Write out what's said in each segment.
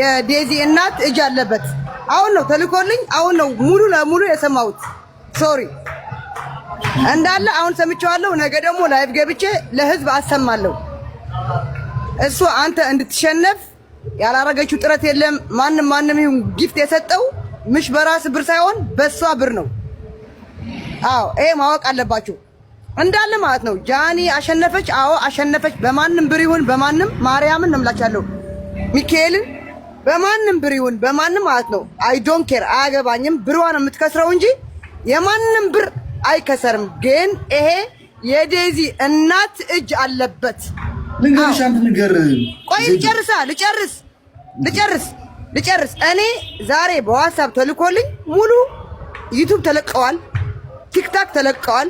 የዴዚ እናት እጅ አለበት። አሁን ነው ተልኮልኝ፣ አሁን ነው ሙሉ ለሙሉ የሰማሁት። ሶሪ እንዳለ አሁን ሰምቼዋለሁ። ነገ ደግሞ ላይቭ ገብቼ ለህዝብ አሰማለሁ። እሱ አንተ እንድትሸነፍ ያላረገችው ጥረት የለም። ማንም ማንም ይሁን ጊፍት የሰጠው ምሽ በራስ ብር ሳይሆን በሷ ብር ነው። አዎ ይሄ ማወቅ አለባችሁ እንዳለ ማለት ነው። ጃኒ አሸነፈች። አዎ አሸነፈች። በማንም ብር ይሁን በማንም ማርያምን ነው ሚካኤልን በማንም ብር ይሁን በማንም ማለት ነው። አይ ዶንት ኬር አያገባኝም። ብሯ ነው የምትከስረው እንጂ የማንም ብር አይከሰርም። ግን ይሄ የዴዚ እናት እጅ አለበት። ልንገርሽ አንድ ነገር ቆይ፣ ልጨርሳ ልጨርስ ልጨርስ ልጨርስ። እኔ ዛሬ በዋትሳፕ ተልኮልኝ ሙሉ ዩቱብ ተለቀዋል፣ ቲክታክ ተለቀዋል።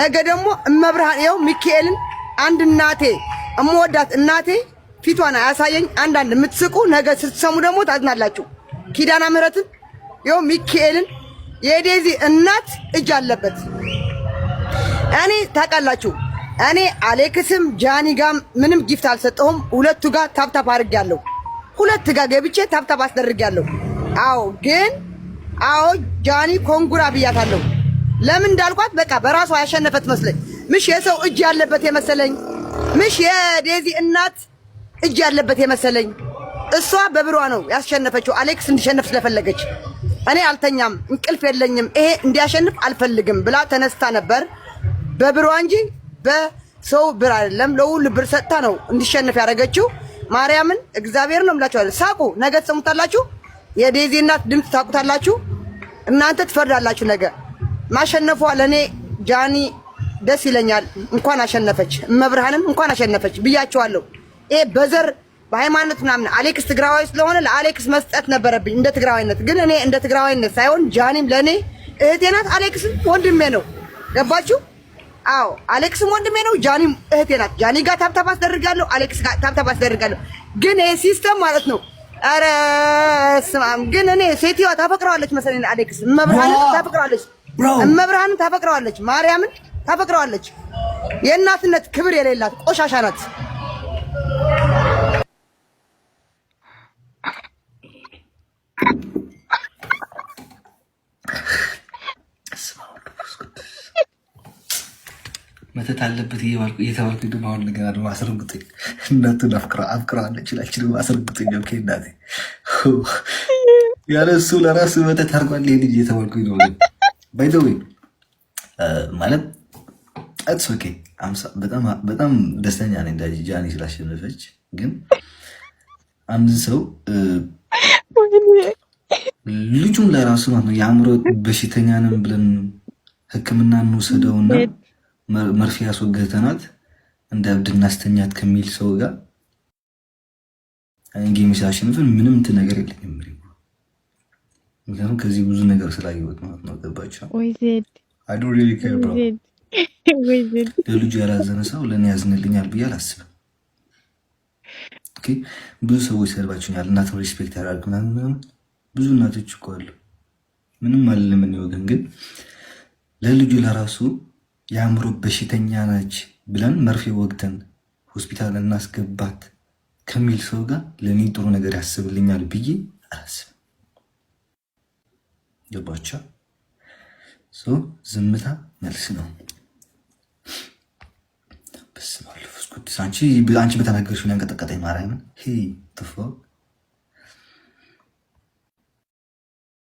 ነገ ደግሞ እመብርሃን ይኸው ሚካኤልን አንድ እናቴ እምወዳት እናቴ ፊቷን አያሳየኝ። አንዳንድ የምትስቁ ነገ ስትሰሙ ደግሞ ታዝናላችሁ። ኪዳና ምህረትን ይኸው ሚካኤልን የዴዚ እናት እጅ አለበት። እኔ ታውቃላችሁ፣ እኔ አሌክስም ጃኒ ጋም ምንም ጊፍት አልሰጠሁም። ሁለቱ ጋር ታብታብ አድርጌያለሁ። ሁለት ጋር ገብቼ ታብታብ አስደርጌያለሁ። አዎ ግን አዎ ጃኒ ኮንጉራ ብያታለሁ። ለምን እንዳልኳት በቃ በራሷ ያሸነፈት መስለኝ፣ ምሽ የሰው እጅ ያለበት የመሰለኝ ምሽ የዴዚ እናት እጅ ያለበት የመሰለኝ እሷ በብሯ ነው ያሸነፈችው አሌክስ እንዲሸነፍ ስለፈለገች እኔ አልተኛም፣ እንቅልፍ የለኝም፣ ይሄ እንዲያሸንፍ አልፈልግም ብላ ተነስታ ነበር። በብሯ እንጂ በሰው ብር አይደለም። ለሁሉ ብር ሰጥታ ነው እንዲሸንፍ ያደረገችው። ማርያምን እግዚአብሔር ነው የምላችኋለሁ። ሳቁ፣ ነገ ትሰሙታላችሁ። የዴዚ እናት ድምፅ ታቁታላችሁ። እናንተ ትፈርዳላችሁ። ነገ ማሸነፏ ለእኔ ጃኒ ደስ ይለኛል። እንኳን አሸነፈች፣ እመብርሃንም እንኳን አሸነፈች ብያችኋለሁ። ይሄ በዘር በሃይማኖት ምናምን አሌክስ ትግራዋይ ስለሆነ ለአሌክስ መስጠት ነበረብኝ እንደ ትግራዋይነት። ግን እኔ እንደ ትግራዋይነት ሳይሆን ጃኒም ለእኔ እህቴ ናት፣ አሌክስም ወንድሜ ነው። ገባችሁ? አዎ አሌክስም ወንድሜ ነው፣ ጃኒም እህቴ ናት። ጃኒ ጋር ታብታብ አስደርጋለሁ፣ አሌክስ ጋር ታብታብ አስደርጋለሁ። ግን ይሄ ሲስተም ማለት ነው። ኧረ ስማ፣ ግን እኔ ሴትዮዋ ታፈቅረዋለች መሰለኝ አሌክስ። እመብርሃንን ታፈቅረዋለች፣ እመብርሃንን ታፈቅረዋለች፣ ማርያምን ታፈቅረዋለች። የእናትነት ክብር የሌላት ቆሻሻ ናት። መተት አለበት እየተባልኩ ደግሞ አሁን ነገና ደግሞ አስረግጦኝ እናቱን አፍቅረዋለች ይችላችንም አስረግጦኝ ኦኬ እናቴ ያለ እሱ ለራሱ መተት አርጓል ይሄ ልጅ እየተባልኩኝ ነው። ባይ ዘ ዌይ ማለት አትስ ኦኬ በጣም ደስተኛ ነኝ ጃኒ ስላሸነፈች። ግን አንድ ሰው ልጁን ለራሱ ማለት ነው የአእምሮ በሽተኛ ነን ብለን ሕክምና እንውሰደውና መርፌ ያስወገተናት እንደ እብድ እናስተኛት ከሚል ሰው ጋር ጌም ሲያሸንፍን ምንም እንትን ነገር የለኝም። ምክንያቱም ከዚህ ብዙ ነገር ስላየሁት ማለት ነው። ገባቸው ለልጁ ያላዘነ ሰው ለእኔ ያዝንልኛል ብዬ አላስብም። ብዙ ሰዎች ሰድባችሁኛል፣ እናት ሪስፔክት ያደርግ ብዙ እናቶች እኮ አሉ። ምንም አልልም። እኔ ወገን ግን ለልጁ ለራሱ የአእምሮ በሽተኛ ናች ብለን መርፌ ወግተን ሆስፒታል እናስገባት ከሚል ሰው ጋር ለእኔ ጥሩ ነገር ያስብልኛል ብዬ አላስብ። ገባቻ ዝምታ መልስ ነው። በስመ አብ ወመንፈስ ቅዱስ አንቺ በተናገርሽ ላይ ማርያምን